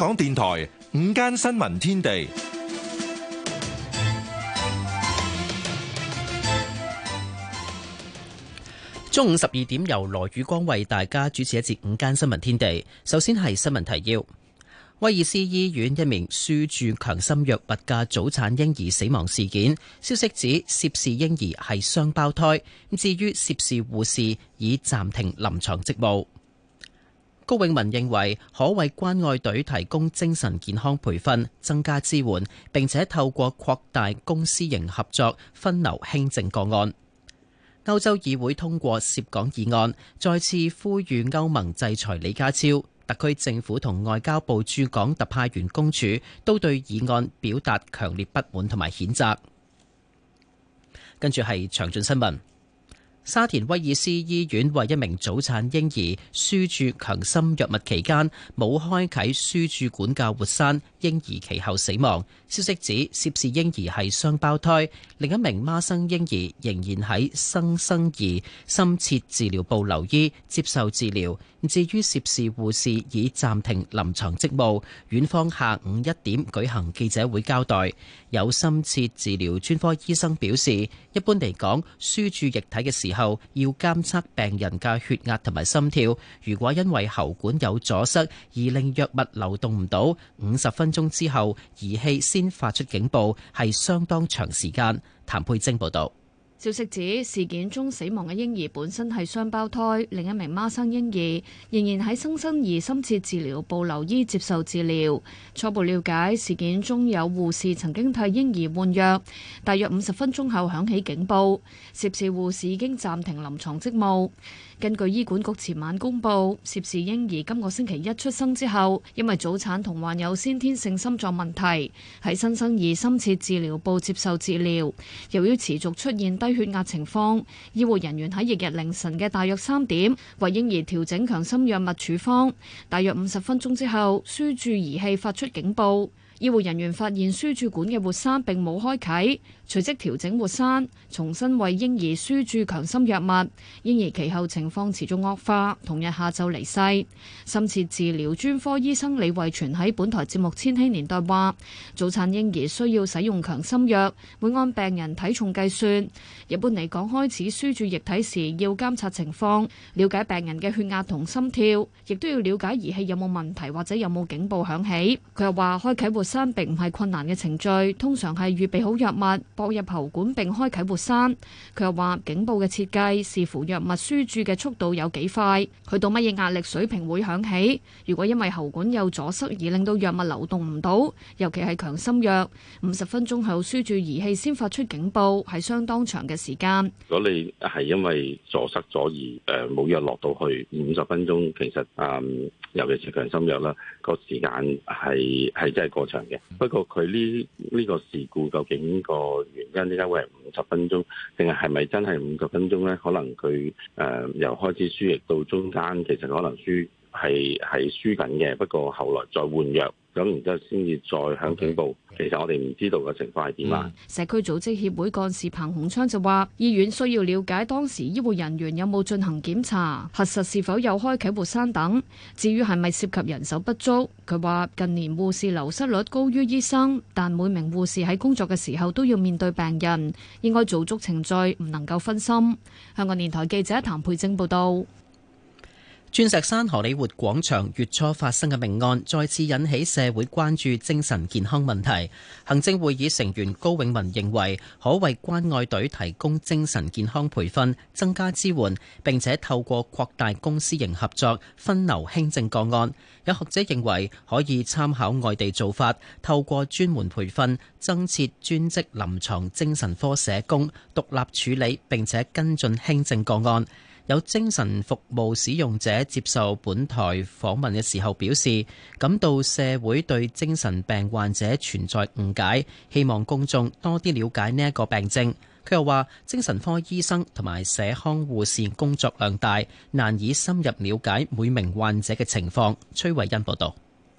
香港電台午間新聞天地，中午十二點由羅宇光為大家主持一節午間新聞天地。首先係新聞提要：威爾斯醫院一名輸注強心藥物嘅早產嬰兒死亡事件，消息指涉事嬰兒係雙胞胎。至於涉事護士已暫停臨床職務。高永文認為，可為關愛隊提供精神健康培訓，增加支援，並且透過擴大公私營合作，分流輕症個案。歐洲議會通過涉港議案，再次呼籲歐盟制裁李家超。特區政府同外交部駐港特派員公署都對議案表達強烈不滿同埋譴責。跟住係詳盡新聞。沙田威爾斯醫院為一名早產嬰兒輸注強心藥物期間，冇開啟輸注管嘅活塞。嬰兒其後死亡。消息指涉事嬰兒係雙胞胎，另一名孖生嬰兒仍然喺新生，生兒深切治療部留醫接受治療。至於涉事護士已暫停臨床職務，院方下午一點舉行記者會交代。有深切治療專科醫生表示，一般嚟講，輸注液體嘅時候要監測病人嘅血壓同埋心跳。如果因為喉管有阻塞而令藥物流動唔到，五十分鐘之後儀器先發出警報，係相當長時間。譚佩晶報導。消息指，事件中死亡嘅嬰兒本身係雙胞胎，另一名孖生嬰兒仍然喺新生兒深切治療部留醫接受治療。初步了解，事件中有護士曾經替嬰兒換藥，大約五十分鐘後響起警報，涉事護士已經暫停臨床職務。根據醫管局前晚公布，涉事嬰兒今個星期一出生之後，因為早產同患有先天性心臟問題，喺新生兒深切治療部接受治療。由於持續出現低血壓情況，醫護人員喺翌日凌晨嘅大約三點，為嬰兒調整強心藥物處方。大約五十分鐘之後，輸注儀器發出警報，醫護人員發現輸注管嘅活塞並冇開啟。隨即調整活塞，重新為嬰兒輸注強心藥物。嬰兒其後情況持續惡化，同日下晝離世。深切治療專科醫生李惠全喺本台節目《千禧年代》話：早產嬰兒需要使用強心藥，會按病人體重計算。一般嚟講，開始輸注液體時要監察情況，了解病人嘅血壓同心跳，亦都要了解儀器有冇問題或者有冇警報響起。佢又話：開啟活塞並唔係困難嘅程序，通常係預備好藥物。放入喉管並開啟活塞。佢又話，警報嘅設計視乎藥物輸注嘅速度有幾快，去到乜嘢壓力水平會響起。如果因為喉管有阻塞而令到藥物流動唔到，尤其係強心藥，五十分鐘後輸注儀器先發出警報，係相當長嘅時間。如果你係因為阻塞咗而誒冇藥落到去五十分鐘，其實誒尤其是強心藥啦，個時間係係真係過長嘅。不過佢呢呢個事故究竟個？原因點解會係五十分鐘，定係係咪真係五十分鐘咧？可能佢誒由開始輸液到中間，其實可能輸。係係輸緊嘅，不過後來再換藥，咁然之後先至再響警報。Okay. Okay. 其實我哋唔知道嘅情況係點啊？社區組織協會幹事彭鴻昌就話：醫院需要了解當時醫護人員有冇進行檢查，核實是否有開啟活生等。至於係咪涉及人手不足，佢話近年護士流失率高於醫生，但每名護士喺工作嘅時候都要面對病人，應該做足程序，唔能夠分心。香港電台記者譚佩晶報道。鑽石山荷里活廣場月初發生嘅命案，再次引起社會關注精神健康問題。行政會議成員高永文認為，可為關愛隊提供精神健康培訓，增加支援，並且透過擴大公私營合作，分流輕症個案。有學者認為，可以參考外地做法，透過專門培訓，增設專職臨床精神科社工，獨立處理並且跟進輕症個案。有精神服務使用者接受本台訪問嘅時候表示，感到社會對精神病患者存在誤解，希望公眾多啲了解呢一個病症。佢又話，精神科醫生同埋社康護士工作量大，難以深入了解每名患者嘅情況。崔慧欣報道。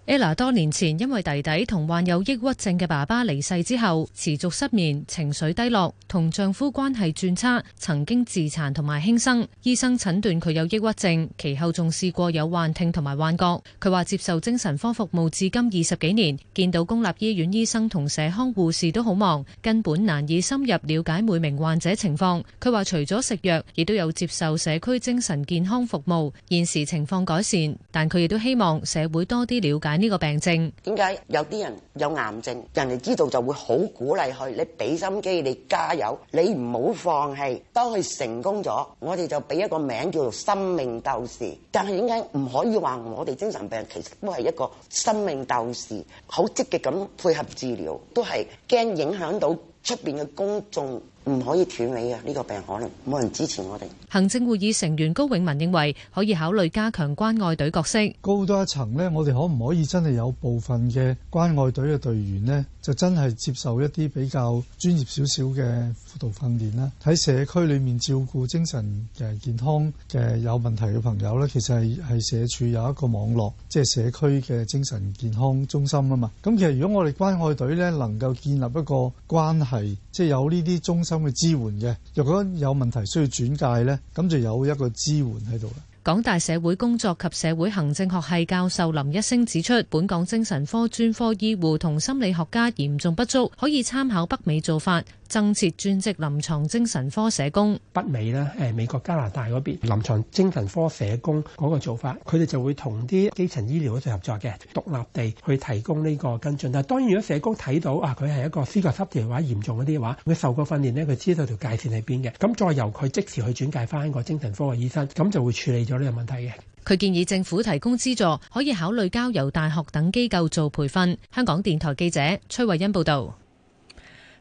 Ella 多年前因為弟弟同患有抑鬱症嘅爸爸離世之後持續失眠，情緒低落，同丈夫關係轉差，曾經自殘同埋輕生。醫生診斷佢有抑鬱症，其後仲試過有幻聽同埋幻覺。佢話接受精神科服務至今二十幾年，見到公立醫院醫生同社康護士都好忙，根本難以深入了解每名患者情況。佢話除咗食藥，亦都有接受社區精神健康服務，現時情況改善，但佢亦都希望社會多啲了解。呢個病症，點解有啲人有癌症，人哋知道就會好鼓勵佢，你俾心機，你加油，你唔好放棄。當佢成功咗，我哋就俾一個名叫做生命鬥士。但係點解唔可以話我哋精神病其實都係一個生命鬥士，好積極咁配合治療，都係驚影響到出邊嘅公眾。唔可以斷尾啊，呢個病可能冇人支持我哋。行政會議成員高永文認為可以考慮加強關愛隊角色。高多一層呢，我哋可唔可以真係有部分嘅關愛隊嘅隊員呢？就真係接受一啲比較專業少少嘅輔導訓練啦。喺社區裏面照顧精神嘅健康嘅有問題嘅朋友呢，其實係社署有一個網絡，即係社區嘅精神健康中心啊嘛。咁其實如果我哋關愛隊呢能夠建立一個關係，即係有呢啲中心嘅支援嘅，若果有問題需要轉介呢，咁就有一個支援喺度啦。港大社會工作及社會行政學系教授林一星指出，本港精神科專科醫護同心理學家嚴重不足，可以參考北美做法，增設專職臨牀精神科社工。北美呢，誒，美國加拿大嗰邊臨牀精神科社工嗰個做法，佢哋就會同啲基層醫療嗰度合作嘅，獨立地去提供呢個跟進。但當然，如果社工睇到啊，佢係一個思覺失調或者嚴重一啲嘅話，佢受過訓練呢，佢知道條界線喺邊嘅，咁再由佢即時去轉介翻個精神科嘅醫生，咁就會處理。有啲有問題嘅，佢建議政府提供資助，可以考慮交由大學等機構做培訓。香港電台記者崔慧欣報道。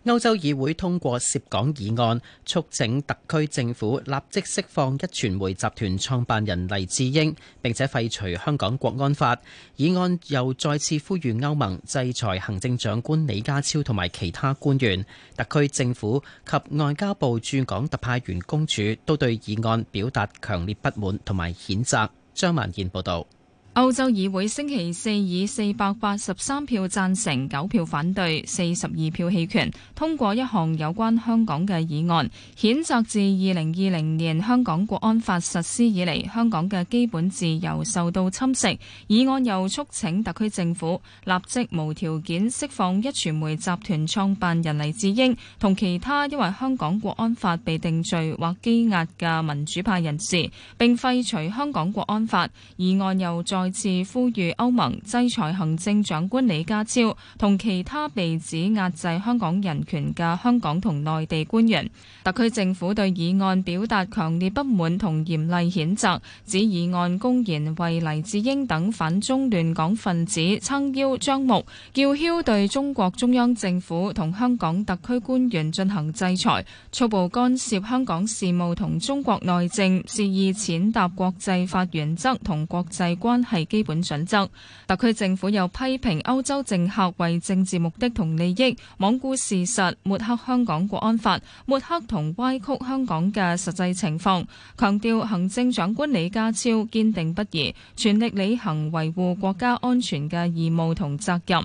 歐洲議會通過涉港議案，促請特區政府立即釋放一傳媒集團創辦人黎智英，並且廢除香港國安法。議案又再次呼籲歐盟制裁行政長官李家超同埋其他官員。特區政府及外交部駐港特派員公署都對議案表達強烈不滿同埋譴責。張萬燕報道。歐洲議會星期四以四百八十三票贊成、九票反對、四十二票棄權，通過一項有關香港嘅議案，譴責自二零二零年香港國安法實施以嚟，香港嘅基本自由受到侵蝕。議案又促請特區政府立即無條件釋放一傳媒集團創辦人黎智英同其他因為香港國安法被定罪或羈押嘅民主派人士，並廢除香港國安法。議案又再。再次呼吁歐盟制裁行政長官李家超同其他被指壓制香港人權嘅香港同內地官員。特區政府對議案表達強烈不滿同嚴厲譴責，指議案公然為黎智英等反中亂港分子撐腰張目，叫囂對中國中央政府同香港特區官員進行制裁，粗暴干涉香港事務同中國內政，肆意踐踏國際法原則同國際關係係基本準則。特區政府又批評歐洲政客為政治目的同利益，罔顧事實，抹黑香港國安法，抹黑同歪曲香港嘅實際情況，強調行政長官李家超堅定不移，全力履行維護國家安全嘅義務同責任。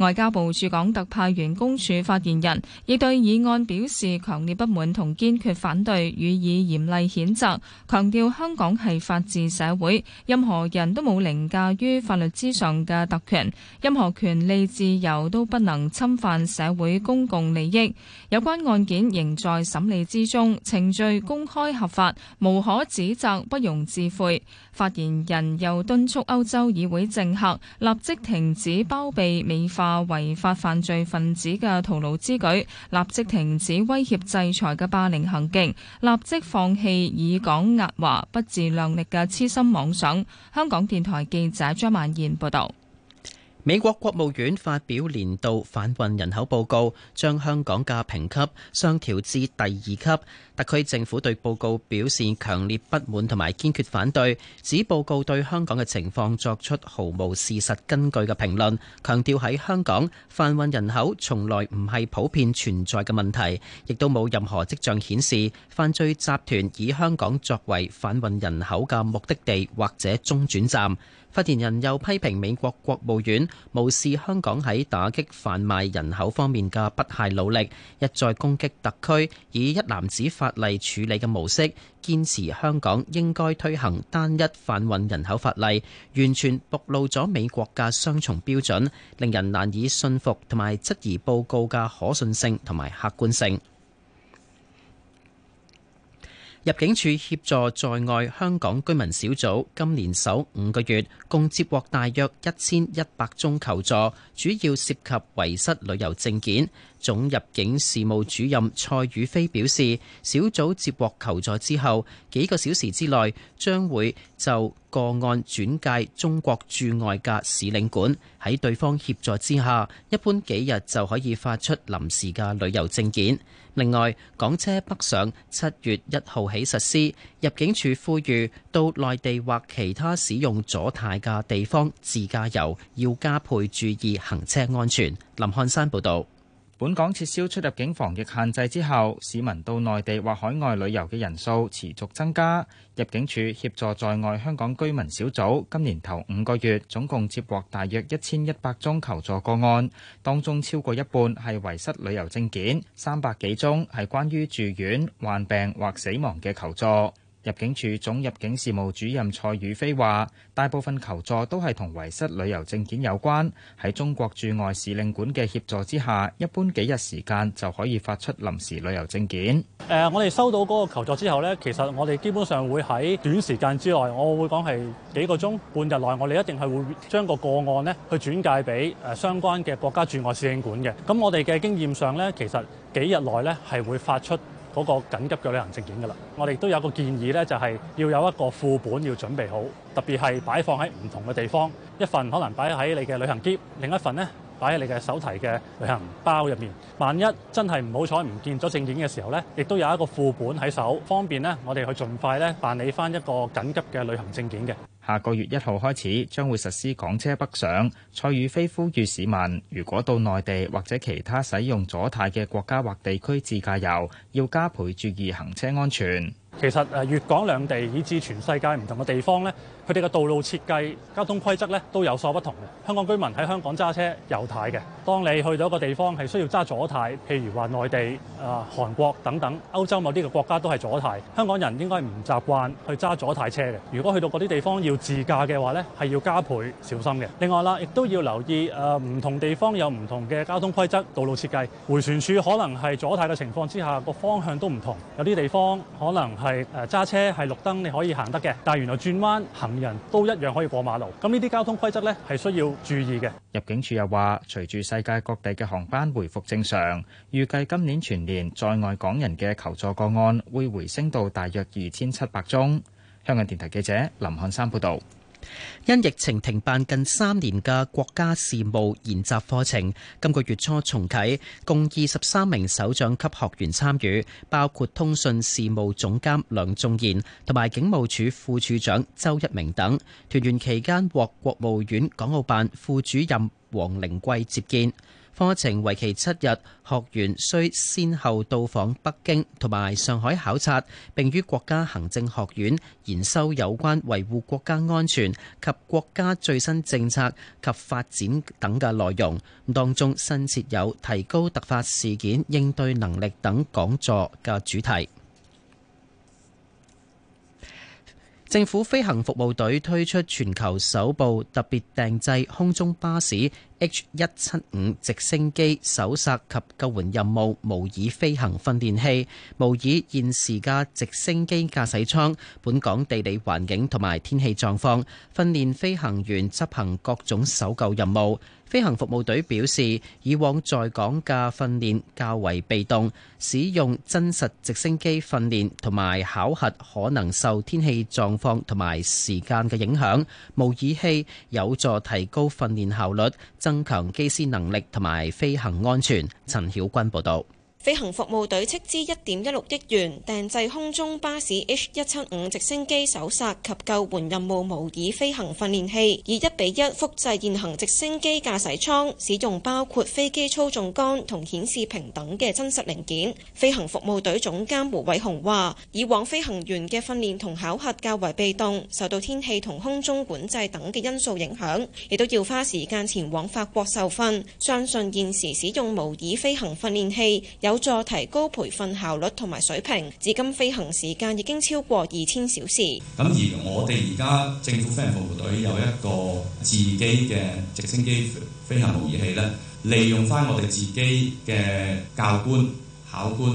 外交部駐港特派員公署發言人亦對議案表示強烈不滿同堅決反對，予以嚴厲譴責，強調香港係法治社會，任何人都冇凌駕於法律之上嘅特權，任何權利自由都不能侵犯社會公共利益。有關案件仍在審理之中，程序公開合法，無可指責，不容置喙。發言人又敦促歐洲議會政客立即停止包庇美化。啊！違法犯罪分子嘅徒勞之舉，立即停止威脅制裁嘅霸凌行徑，立即放棄以港壓華、不自量力嘅痴心妄想。香港電台記者張曼燕報道。美國國務院發表年度販運人口報告，將香港嘅評級上調至第二級。特區政府對報告表示強烈不滿同埋堅決反對，指報告對香港嘅情況作出毫無事實根據嘅評論，強調喺香港販運人口從來唔係普遍存在嘅問題，亦都冇任何跡象顯示犯罪集團以香港作為販運人口嘅目的地或者中轉站。發言人又批評美國國務院無視香港喺打擊販賣人口方面嘅不懈努力，一再攻擊特區，以一男子販例處理嘅模式，堅持香港應該推行單一販運人口法例，完全暴露咗美國嘅雙重標準，令人難以信服同埋質疑報告嘅可信性同埋客觀性。入境處協助在外香港居民小組今年首五個月，共接獲大約一千一百宗求助，主要涉及遺失旅遊證件。總入境事務主任蔡宇飛表示，小組接獲求助之後，幾個小時之內將會就個案轉介中國駐外嘅使領館。喺對方協助之下，一般幾日就可以發出臨時嘅旅遊證件。另外，港車北上七月一號起實施，入境處呼籲到內地或其他使用左軚嘅地方自駕遊，要加倍注意行車安全。林漢山報道。本港撤銷出入境防疫限制之後，市民到內地或海外旅遊嘅人數持續增加。入境處協助在外香港居民小組，今年頭五個月總共接獲大約一千一百宗求助個案，當中超過一半係遺失旅遊證件，三百幾宗係關於住院、患病或死亡嘅求助。入境處總入境事務主任蔡宇飛話大部分求助都係同遺失旅遊證件有關喺中國駐外使領館嘅協助之下一般幾日時間就可以發出臨時旅遊證件我哋收到嗰個求助之後呢其實我哋基本上會喺短時間之內我會講係幾個鐘半日內我哋一定係會將個個案呢去轉介畀相關嘅國家駐外使領館嘅咁我哋嘅經驗上呢其實幾日內呢係會發出 uh, 嗰個緊急嘅旅行證件㗎啦，我哋都有個建議呢，就係要有一個副本要準備好，特別係擺放喺唔同嘅地方，一份可能擺喺你嘅旅行喼，另一份呢擺喺你嘅手提嘅旅行包入面。萬一真係唔好彩唔見咗證件嘅時候呢，亦都有一個副本喺手，方便呢我哋去盡快呢辦理返一個緊急嘅旅行證件嘅。下個月一號開始將會實施港車北上，蔡宇飛呼籲市民，如果到內地或者其他使用左軚嘅國家或地區自駕遊，要加倍注意行車安全。其實誒粵港兩地以至全世界唔同嘅地方呢佢哋嘅道路設計、交通規則咧都有所不同嘅。香港居民喺香港揸車右軚嘅，當你去到一個地方係需要揸左軚，譬如話內地、啊韓國等等，歐洲某啲嘅國家都係左軚。香港人應該唔習慣去揸左軚車嘅。如果去到嗰啲地方要自駕嘅話咧，係要加倍小心嘅。另外啦，亦都要留意誒唔、啊、同地方有唔同嘅交通規則、道路設計、迴旋處可能係左軚嘅情況之下，個方向都唔同。有啲地方可能係揸車係綠燈你可以行得嘅，但係原來轉彎行。人都一樣可以過馬路，咁呢啲交通規則呢，係需要注意嘅。入境處又話，隨住世界各地嘅航班回復正常，預計今年全年在外港人嘅求助個案會回升到大約二千七百宗。香港電台記者林漢山報道。因疫情停辦近三年嘅國家事務研習課程，今個月初重啟，共二十三名首長級學員參與，包括通訊事務總監梁仲賢同埋警務處副處長周一鳴等。團員期間獲國務院港澳辦副主任王靈桂接見。課程為期七日，學員需先後到訪北京同埋上海考察，並於國家行政學院研修有關維護國家安全及國家最新政策及發展等嘅內容。當中，新設有提高突發事件應對能力等講座嘅主題。政府飛行服務隊推出全球首部特別訂製空中巴士 H 一七五直升機搜索及救援任務模擬飛行訓練器，模擬現時架直升機駕駛艙、本港地理環境同埋天氣狀況，訓練飛行員執行各種搜救任務。飛行服務隊表示，以往在港架訓練較為被動，使用真實直升機訓練同埋考核可能受天氣狀況同埋時間嘅影響。模擬器有助提高訓練效率，增強機師能力同埋飛行安全。陳曉君報導。飛行服務隊斥資一點一六億元訂製空中巴士 H 一七五直升機搜索及救援任務模擬飛行訓練器，以一比一複製現行直升機駕駛艙，使用包括飛機操縱杆同顯示屏等嘅真實零件。飛行服務隊總監胡偉雄話：以往飛行員嘅訓練同考核較為被動，受到天氣同空中管制等嘅因素影響，亦都要花時間前往法國受訓。相信現時使用模擬飛行訓練器有助提高培訓效率同埋水平。至今飛行時間已經超過二千小時。咁而我哋而家政府飛行服務隊有一個自己嘅直升機飛行模擬器咧，利用翻我哋自己嘅教官、考官，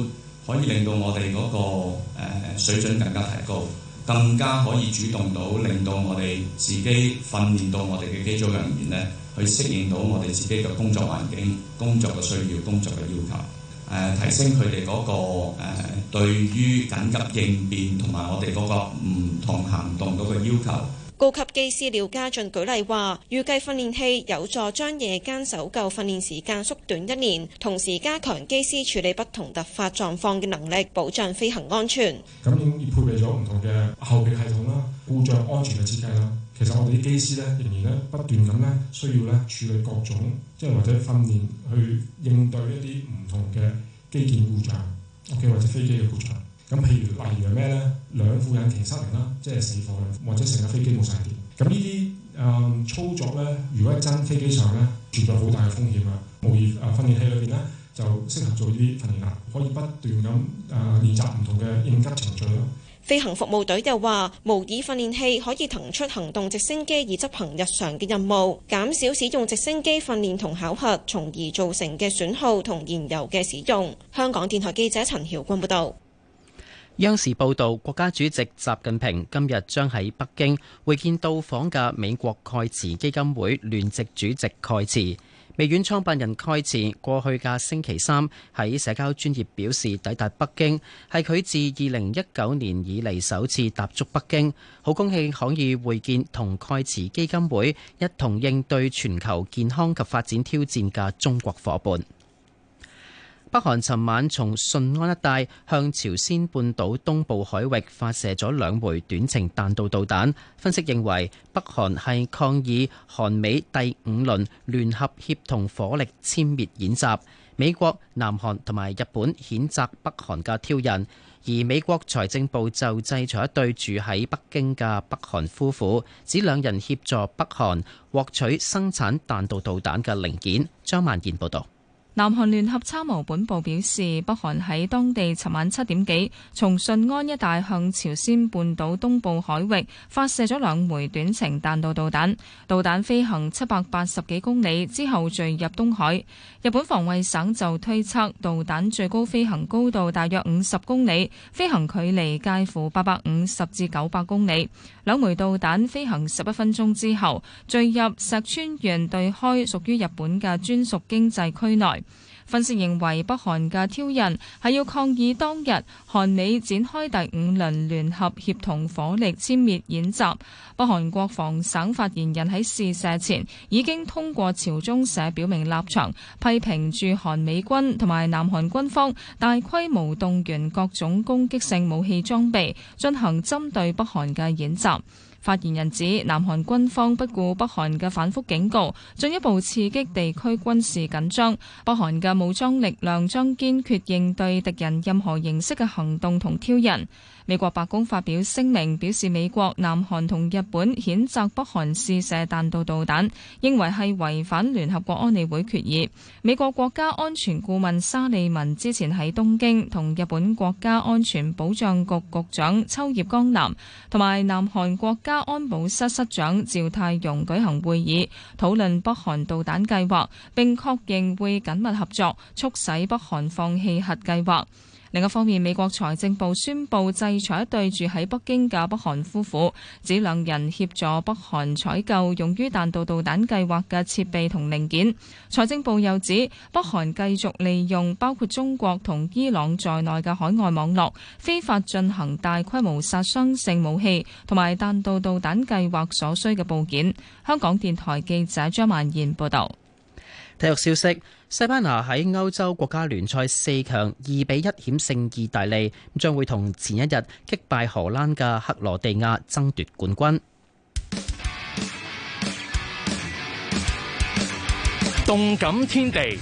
可以令到我哋嗰個誒水準更加提高，更加可以主動到，令到我哋自己訓練到我哋嘅機組人員咧，去適應到我哋自己嘅工作環境、工作嘅需要、工作嘅要求。誒、呃、提升佢哋嗰個誒、呃、對於緊急應變同埋我哋嗰個唔同行動嗰個要求。高級機師廖家俊舉例話，預計訓練器有助將夜間搜救訓練時間縮短一年，同時加強機師處理不同突發狀況嘅能力，保障飛行安全。咁已經配備咗唔同嘅後備系統啦，故障安全嘅設計啦。其實我哋啲機師咧，仍然咧不斷咁咧，需要咧處理各種，即係或者訓練去應對一啲唔同嘅機件故障，或者飛機嘅故障。咁譬如例如咩咧？兩副引擎失靈啦，即係死火啦，或者成架飛機冇晒電。咁呢啲誒操作咧，如果真飛機上咧存在好大嘅風險啊。模擬誒訓練器裏邊咧就適合做呢啲訓練啦，可以不斷咁誒練習唔同嘅應急程序咯，飛行服務隊又話，模擬訓練器可以騰出行動直升機而執行日常嘅任務，減少使用直升機訓練同考核，從而造成嘅損耗同燃油嘅使用。香港電台記者陳曉君報導。央視報道，國家主席習近平今日將喺北京會見到訪嘅美國蓋茨基金會聯席主席蓋茨。微軟創辦人蓋茨過去嘅星期三喺社交專業表示抵達北京，係佢自二零一九年以嚟首次踏足北京，好高興可以會見同蓋茨基金會一同應對全球健康及發展挑戰嘅中國夥伴。北韓尋晚從順安一帶向朝鮮半島東部海域發射咗兩枚短程彈道導彈。分析認為，北韓係抗議韓美第五輪聯合協同火力殲滅演習。美國、南韓同埋日本譴責北韓嘅挑釁，而美國財政部就制裁一對住喺北京嘅北韓夫婦，指兩人協助北韓獲取生產彈道導彈嘅零件。張萬健報導。南韓聯合參謀本部表示，北韓喺當地尋晚七點幾，從順安一帶向朝鮮半島東部海域發射咗兩枚短程彈道導彈，導彈飛行七百八十幾公里之後墜入東海。日本防衛省就推測，導彈最高飛行高度大約五十公里，飛行距離介乎八百五十至九百公里。兩枚導彈飛行十一分鐘之後墜入石川縣對開屬於日本嘅專屬經濟區內。分析認為，北韓嘅挑釁係要抗議當日韓美展開第五輪聯合協同火力殲滅演習。北韓國防省發言人喺試射前已經通過朝中社表明立場，批評駐韓美軍同埋南韓軍方大規模動員各種攻擊性武器裝備進行針對北韓嘅演習。發言人指，南韓軍方不顧北韓嘅反覆警告，進一步刺激地區軍事緊張。北韓嘅武裝力量將堅決應對敵人任何形式嘅行動同挑釁。美國白宮發表聲明，表示美國、南韓同日本譴責北韓試射彈道導彈，認為係違反聯合國安理會決議。美國國家安全顧問沙利文之前喺東京同日本國家安全保障局局長秋葉剛男同埋南韓國家安保室室長趙泰容舉行會議，討論北韓導彈計劃，並確認會緊密合作，促使北韓放棄核計劃。另一方面，美國財政部宣布制裁一對住喺北京嘅北韓夫婦，指兩人協助北韓採購用於彈道導彈計劃嘅設備同零件。財政部又指，北韓繼續利用包括中國同伊朗在內嘅海外網絡，非法進行大規模殺傷性武器同埋彈道導彈計劃所需嘅部件。香港電台記者張萬燕報導。體育消息。西班牙喺歐洲國家聯賽四強二比一險勝意大利，將會同前一日擊敗荷蘭嘅克羅地亞爭奪冠軍。動感天地，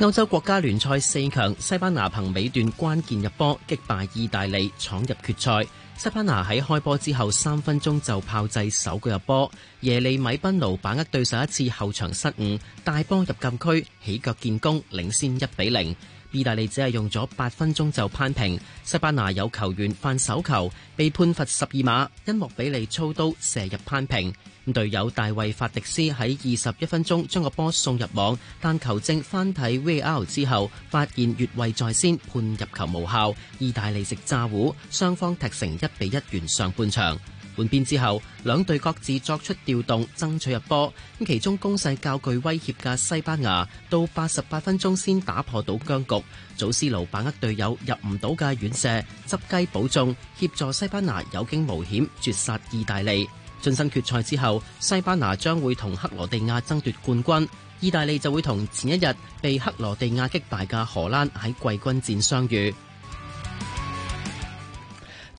歐洲國家聯賽四強，西班牙憑尾段關鍵入波擊敗意大利，闖入決賽。西班牙喺開波之後三分鐘就炮製首個入波，耶利米賓奴把握對手一次後場失誤，大波入禁區，起腳建功，領先一比零。意大利只係用咗八分鐘就攀平，西班牙有球員犯手球被判罰十二碼，因莫比利操刀射入攀平。咁隊友大衛法迪斯喺二十一分鐘將個波送入網，但球證翻睇 VAR 之後發現越位在先，判入球無效。意大利食炸糊，雙方踢成一比一完上半場。換邊之後，兩隊各自作出調動，爭取入波。咁其中攻勢較具威脅嘅西班牙，到八十八分鐘先打破到僵局。祖斯奴把握隊友入唔到嘅遠射，執雞保中，協助西班牙有驚無險絕殺意大利。晉身決賽之後，西班牙將會同克羅地亞爭奪冠軍，意大利就會同前一日被克羅地亞擊敗嘅荷蘭喺季軍戰相遇。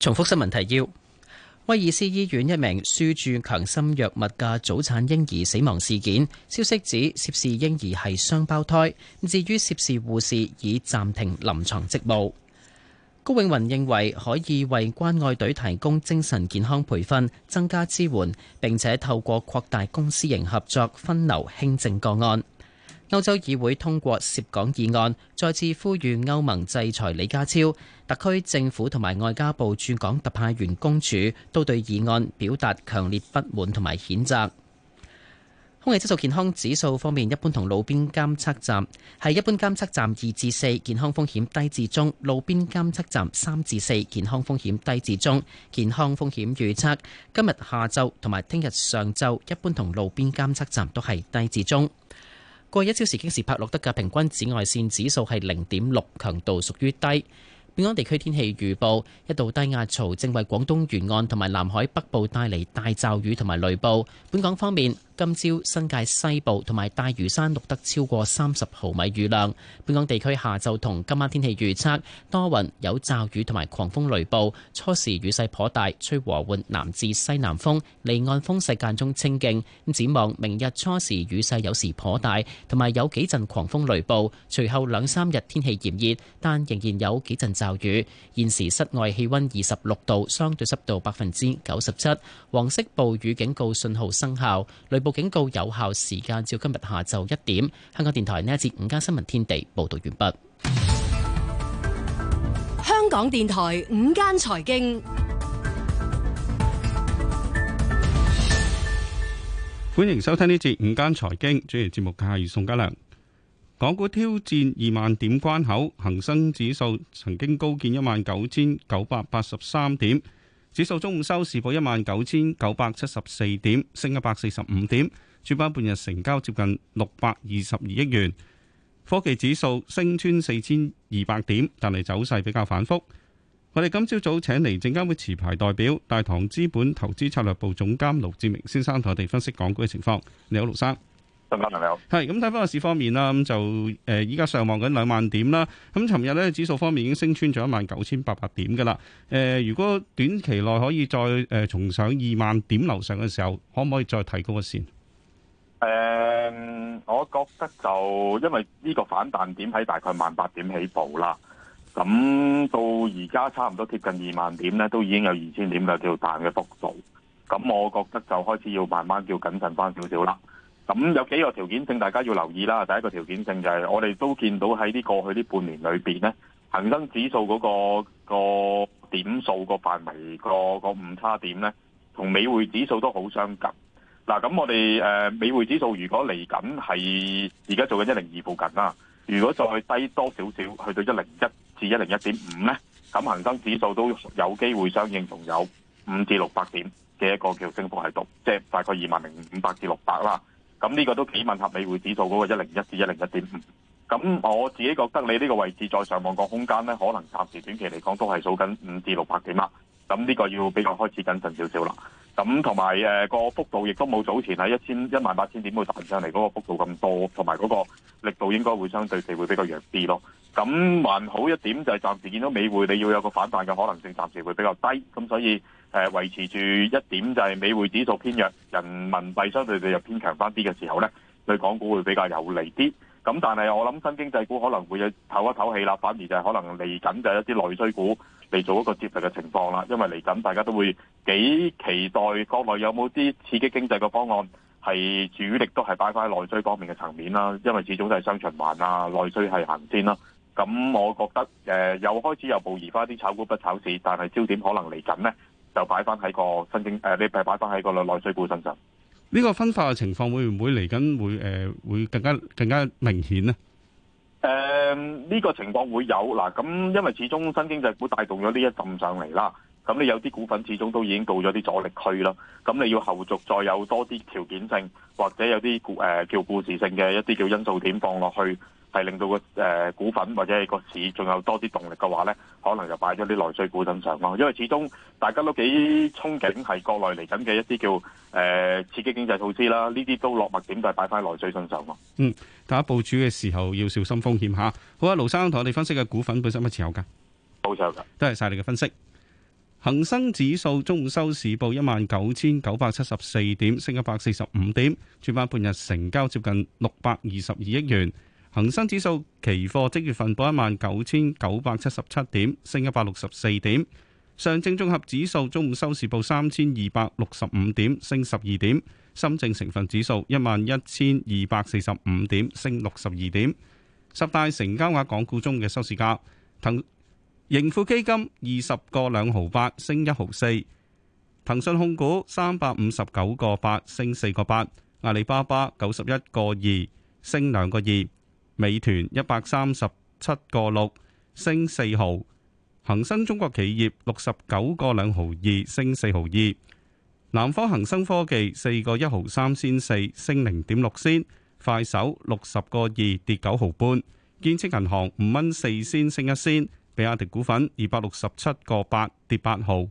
重複新聞提要。威爾斯醫院一名輸注強心藥物嘅早產嬰兒死亡事件，消息指涉事嬰兒係雙胞胎。至於涉事護士已暫停臨床職務。高永云認為可以為關愛隊提供精神健康培訓，增加支援，並且透過擴大公私營合作分流輕症個案。歐洲議會通過涉港議案，再次呼籲歐盟制裁李家超。特區政府同埋外交部駐港特派員公署都對議案表達強烈不滿同埋譴責。空氣質素健康指數方面，一般同路邊監測站係一般監測站二至四，健康風險低至中；路邊監測站三至四，健康風險低至中。健康風險預測，今日下晝同埋聽日上晝，一般同路邊監測站都係低至中。過去一小時，京士柏錄得嘅平均紫外線指數係零點六，強度屬於低。本港地區天氣預報，一道低壓槽正為廣東沿岸同埋南海北部帶嚟大驟雨同埋雷暴。本港方面。今朝新界西部同埋大嶼山錄得超過三十毫米雨量。本港地區下晝同今晚天氣預測多雲有驟雨同埋狂風雷暴。初時雨勢頗大，吹和緩南至西南風離岸風勢間中清勁，咁展望明日初時雨勢有時頗大，同埋有幾陣狂風雷暴。隨後兩三日天氣炎熱，但仍然有幾陣驟雨。現時室外氣溫二十六度，相對濕度百分之九十七。黃色暴雨警告信號生效。報警告有效時間至今日下晝一點。香港電台呢一節五間新聞天地報道完畢。香港電台五間財經，歡迎收聽呢一節五間財經。主持節目嘅係宋家良。港股挑戰二萬點關口，恒生指數曾經高見一萬九千九百八十三點。指數中午收市報一萬九千九百七十四點，升一百四十五點。主板半日成交接近六百二十二億元。科技指數升穿四千二百點，但係走勢比較反覆。我哋今朝早，早請嚟證監會持牌代表、大堂資本投資策略部總監盧志明先生，同我哋分析港股嘅情況。你好，盧生。新朋友，係咁睇翻個市方面啦，咁就誒依家，上望緊兩萬點啦。咁尋日咧指數方面已經升穿咗一萬九千八百點噶啦。誒、呃，如果短期內可以再誒、呃、重上二萬點樓上嘅時候，可唔可以再提高個線？誒、呃，我覺得就因為呢個反彈點喺大概萬八點起步啦，咁到而家差唔多接近二萬點咧，都已經有二千點嘅叫彈嘅幅度。咁我覺得就開始要慢慢叫謹慎翻少少啦。咁有幾個條件性，大家要留意啦。第一個條件性就係我哋都見到喺呢過去呢半年裏邊，咧，恆生指數嗰個個點數個範圍個個誤差點咧，同美匯指數都好相近。嗱，咁我哋誒美匯指數如果嚟緊係而家做緊一零二附近啦，如果再去低多少少去到一零一至一零一點五咧，咁恒生指數都有機會相應仲有五至六百點嘅一個叫升幅喺度，即係大概二萬零五百至六百啦。咁呢個都幾吻合美匯指數嗰個一零一至一零一點五。咁我自己覺得你呢個位置再上望個空間呢，可能暫時短期嚟講都係數緊五至六百幾蚊。咁呢個要比較開始謹慎少少啦。咁同埋誒個幅度亦都冇早前喺一千一萬八千點度彈上嚟嗰個幅度咁多，同埋嗰個力度應該會相對地會比較弱啲咯。咁還好一點就係暫時見到美匯你要有個反彈嘅可能性，暫時會比較低。咁所以。誒，維持住一點就係美匯指數偏弱，人民幣相對地又偏強翻啲嘅時候呢，對港股會比較有利啲。咁但係我諗新經濟股可能會有唞一唞氣啦，反而就係可能嚟緊就係一啲內需股嚟做一個接力嘅情況啦。因為嚟緊大家都會幾期待國內有冇啲刺激經濟嘅方案，係主力都係擺翻喺內需方面嘅層面啦。因為始終都係雙循環啊，內需係行先啦。咁我覺得誒、呃，又開始又步移翻啲炒股不炒市，但係焦點可能嚟緊呢。就擺翻喺個新經誒，你係擺翻喺個內內需股身上。呢、這個分化嘅情況會唔會嚟緊會誒、呃、會更加更加明顯呢？誒、呃、呢、這個情況會有嗱，咁因為始終新經濟股帶動咗呢一陣上嚟啦，咁你有啲股份始終都已經到咗啲阻力區啦，咁你要後續再有多啲條件性或者有啲誒、呃、叫故事性嘅一啲叫因素點放落去。係令到個誒、呃、股份或者係個市仲有多啲動力嘅話呢可能就擺咗啲內需股身上咯。因為始終大家都幾憧憬係國內嚟緊嘅一啲叫誒、呃、刺激經濟措施啦。呢啲都落墨點就係擺翻內需身上咯。嗯，大家部署嘅時候要小心風險吓。好啊，盧生同我哋分析嘅股份本身乜持有噶？冇持有噶，多謝晒你嘅分析。恒生指數中午收市報一萬九千九百七十四點，升一百四十五點，轉返半日成交接近六百二十二億元。恒生指數期貨即月份報一萬九千九百七十七點，升一百六十四點。上證綜合指數中午收市報三千二百六十五點，升十二點。深證成分指數一萬一千二百四十五點，升六十二點。十大成交額港股中嘅收市價，盈富基金二十個兩毫八，升一毫四；騰訊控股三百五十九個八，升四個八；阿里巴巴九十一個二，升兩個二。美團一百三十七個六，升四毫，恒生中國企業六十九個兩毫二，升四毫二，南方恒生科技四個一毫三先四，升零點六先，快手六十個二，跌九毫半，建設銀行五蚊四先，升一先，比亞迪股份二百六十七個八，跌八毫，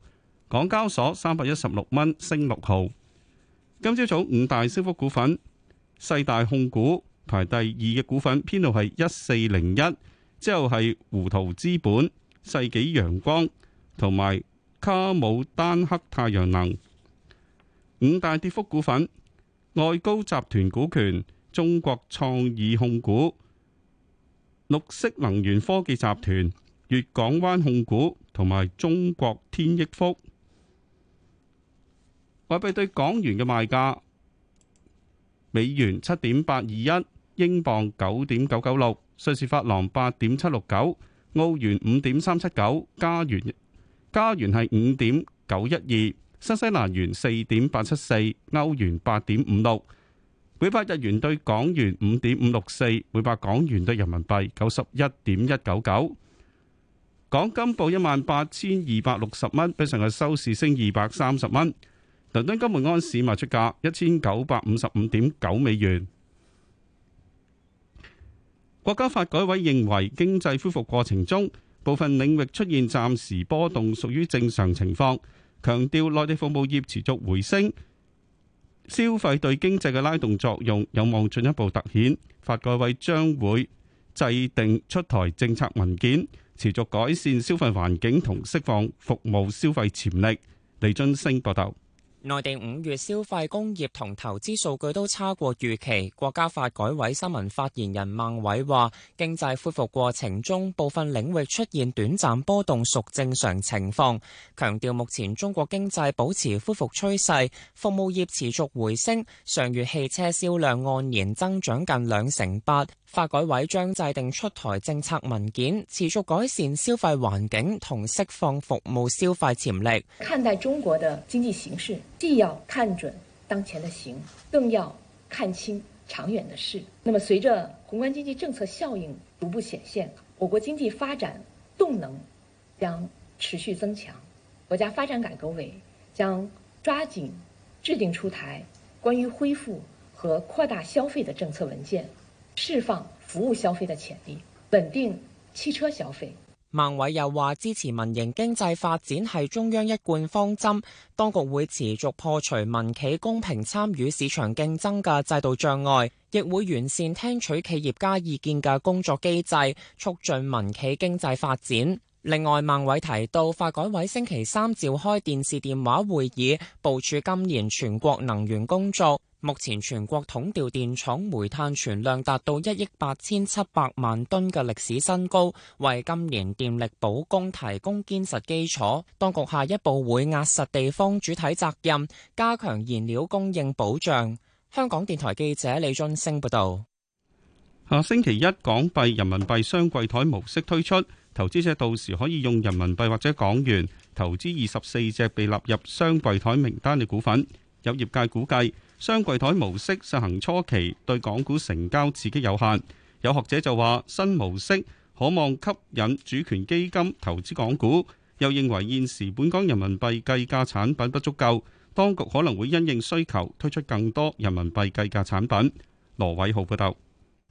港交所三百一十六蚊，升六毫。今朝早五大升幅股份，四大控股。排第二嘅股份，編號係一四零一，之後係胡桃資本、世紀陽光、同埋卡姆丹克太陽能。五大跌幅股份：外高集團股權、中國創意控股、綠色能源科技集團、粵港灣控股同埋中國天益福。外幣對港元嘅賣價，美元七點八二一。英鎊九點九九六，瑞士法郎八點七六九，澳元五點三七九，加元加元係五點九一二，新西蘭元四點八七四，歐元八點五六，每百日元對港元五點五六四，每百港元對人民幣九十一點一九九。港金報一萬八千二百六十蚊，比上日收市升二百三十蚊。倫敦金每安士賣出價一千九百五十五點九美元。國家發改委認為，經濟恢復過程中部分領域出現暫時波動屬於正常情況，強調內地服務業持續回升，消費對經濟嘅拉動作用有望進一步凸顯。發改委將會制定出台政策文件，持續改善消費環境同釋放服務消費潛力。李俊升報道。內地五月消費、工業同投資數據都差過預期。國家發改委新聞發言人孟偉話，經濟恢復過程中部分領域出現短暫波動，屬正常情況。強調目前中國經濟保持恢復趨勢，服務業持續回升，上月汽車銷量按年增長近兩成八。發改委將制定出台政策文件，持續改善消費環境同釋放服務消費潛力。看待中國的經濟形勢，既要看準當前的形，更要看清長遠的勢。那麼，隨着宏觀經濟政策效應逐步顯現，我國經濟發展動能將持續增強。國家發展改革委將抓緊制定出台關於恢復和擴大消費的政策文件。釋放服務消費的潛力，穩定汽車消費。孟偉又話：支持民營經濟發展係中央一貫方針，當局會持續破除民企公平參與市場競爭嘅制度障礙，亦會完善聽取企業家意見嘅工作機制，促進民企經濟發展。另外，孟偉提到，發改委星期三召開電視電話會議，部署今年全國能源工作。目前全國統調電廠煤炭存量達到一億八千七百萬噸嘅歷史新高，為今年電力保供提供堅實基礎。當局下一步會壓實地方主體責任，加強燃料供應保障。香港電台記者李俊升報道。下星期一，港幣、人民幣雙櫃檯模式推出，投資者到時可以用人民幣或者港元投資二十四隻被納入雙櫃檯名單嘅股份。有業界估計。雙櫃台模式實行初期對港股成交刺激有限，有學者就話新模式可望吸引主權基金投資港股，又認為現時本港人民幣計價產品不足夠，當局可能會因應需求推出更多人民幣計價產品。羅偉浩報道。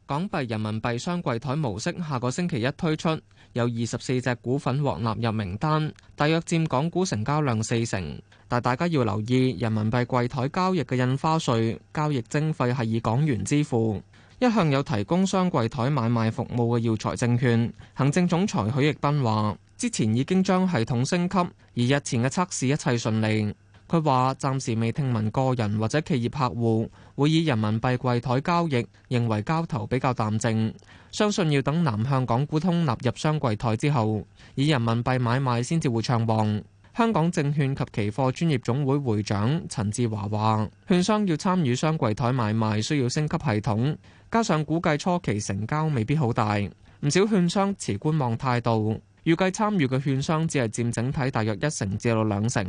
港幣人民幣雙櫃台模式下個星期一推出，有二十四隻股份獲納入名單，大約佔港股成交量四成。但大家要留意，人民幣櫃台交易嘅印花稅、交易徵費係以港元支付。一向有提供雙櫃台買賣服務嘅耀才證券行政總裁許奕斌話，之前已經將系統升級，而日前嘅測試一切順利。佢話：暫時未聽聞個人或者企業客戶會以人民幣櫃台交易，認為交投比較淡靜。相信要等南向港股通納入雙櫃台之後，以人民幣買賣先至會暢旺。香港證券及期貨專業總會會長陳志華話，券商要參與雙櫃台買賣需要升級系統，加上估計初期成交未必好大，唔少券商持觀望態度。預計參與嘅券商只係佔整體大約一成至到兩成。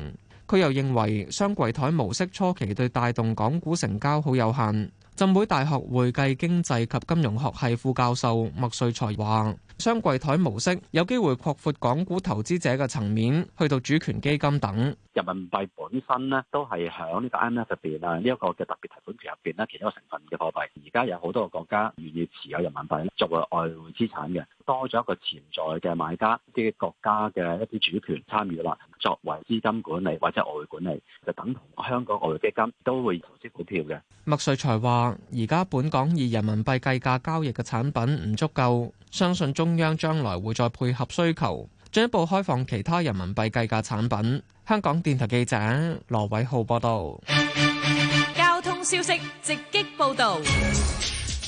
佢又認為雙櫃台模式初期對帶動港股成交好有限。浸會大學會計經濟及金融學系副教授麥瑞才話：雙櫃台模式有機會擴闊港股投資者嘅層面，去到主權基金等。人民幣本身咧，都係響呢個 IMF 入邊啊，呢一個嘅特別提款權入邊咧，其中一個成分嘅貨幣。而家有好多個國家願意持有人民幣作為外匯資產嘅，多咗一個潛在嘅買家，啲國家嘅一啲主權參與啦。作為資金管理或者外匯管理，就等同香港外匯基金都會投資股票嘅。麥瑞才話：而家本港以人民幣計價交易嘅產品唔足夠，相信中央將來會再配合需求，進一步開放其他人民幣計價產品。香港電台記者羅偉浩報道。交通消息直擊報道。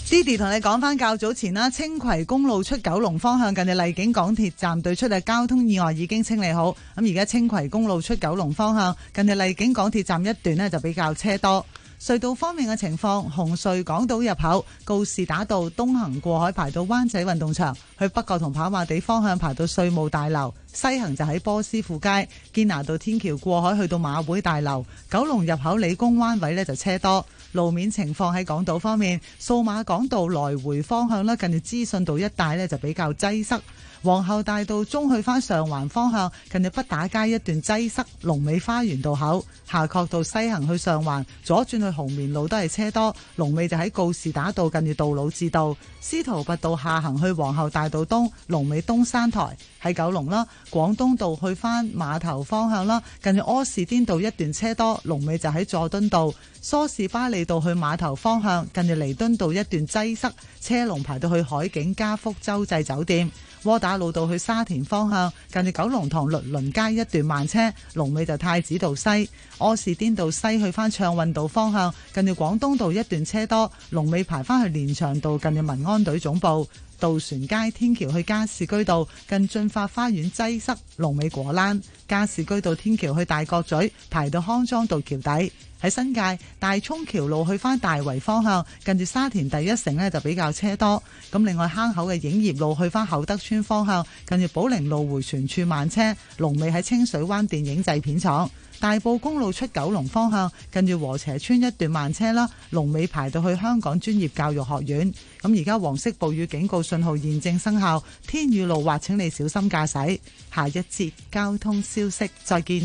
d i d 同你講翻較早前啦，青葵公路出九龍方向近日荔景港鐵站對出嘅交通意外已經清理好，咁而家青葵公路出九龍方向近日荔景港鐵站一段呢就比較車多。隧道方面嘅情況，紅隧港島入口告士打道東行過海排到灣仔運動場，去北角同跑馬地方向排到稅務大樓；西行就喺波斯富街堅拿道天橋過海去到馬會大樓。九龍入口理工灣位呢就車多，路面情況喺港島方面，數碼港道來回方向咧，近住資訊道一帶呢就比較擠塞。皇后大道中去返上環方向，近住北打街一段擠塞，龍尾花園道口。夏慤道西行去上環，左轉去紅棉路都係車多，龍尾就喺告士打道近住杜老誌道。司徒拔道下行去皇后大道東，龍尾東山台，喺九龍啦。廣東道去返碼頭方向啦，近住柯士甸道一段車多，龍尾就喺佐敦道。梳士巴利道去碼頭方向，近住彌敦道一段擠塞，車龍排到去海景嘉福洲際酒店。窩打老道去沙田方向，近住九龍塘律倫街一段慢車，龍尾就太子道西；柯士甸道西去翻暢運道方向，近住廣東道一段車多，龍尾排翻去連翔道近住民安隊總部；渡船街天橋去加士居道，近駿發花園擠塞，龍尾果欄。加士居道天橋去大角咀排到康莊道橋底，喺新界大涌橋路去翻大圍方向，近住沙田第一城呢就比較車多。咁另外坑口嘅影業路去翻厚德村方向，近住寶琳路迴旋處慢車。龍尾喺清水灣電影製片廠。大埔公路出九龍方向，近住禾輋村一段慢車啦。龍尾排到去香港專業教育學院。咁而家黃色暴雨警告信號現正生效，天雨路滑請你小心駕駛。下一節交通消息，再見。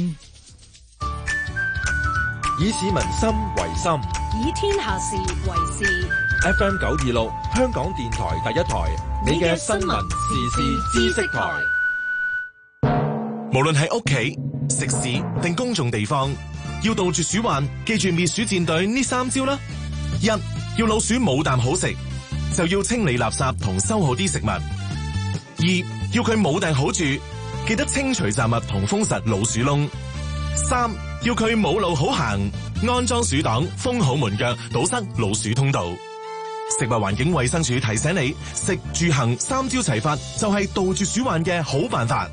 以市民心為心，以天下事為事。FM 九二六，香港電台第一台，你嘅新聞時事知識台。無論喺屋企、食肆定公眾地方，要杜絕鼠患，記住滅鼠戰隊呢三招啦：一要老鼠冇啖好食，就要清理垃圾同收好啲食物；二要佢冇地好住。記得清除雜物同封實老鼠窿。三、要佢冇路好行，安裝鼠擋，封好門腳，堵塞老鼠通道。食物環境衛生署提醒你，食住行三招齊發，就係杜絕鼠患嘅好辦法。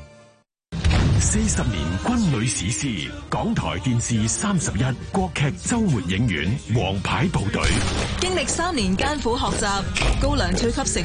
四十年軍旅史詩，港台電視三十一，國劇周末影院，王牌部隊。經歷三年艱苦學習，高粱催級成。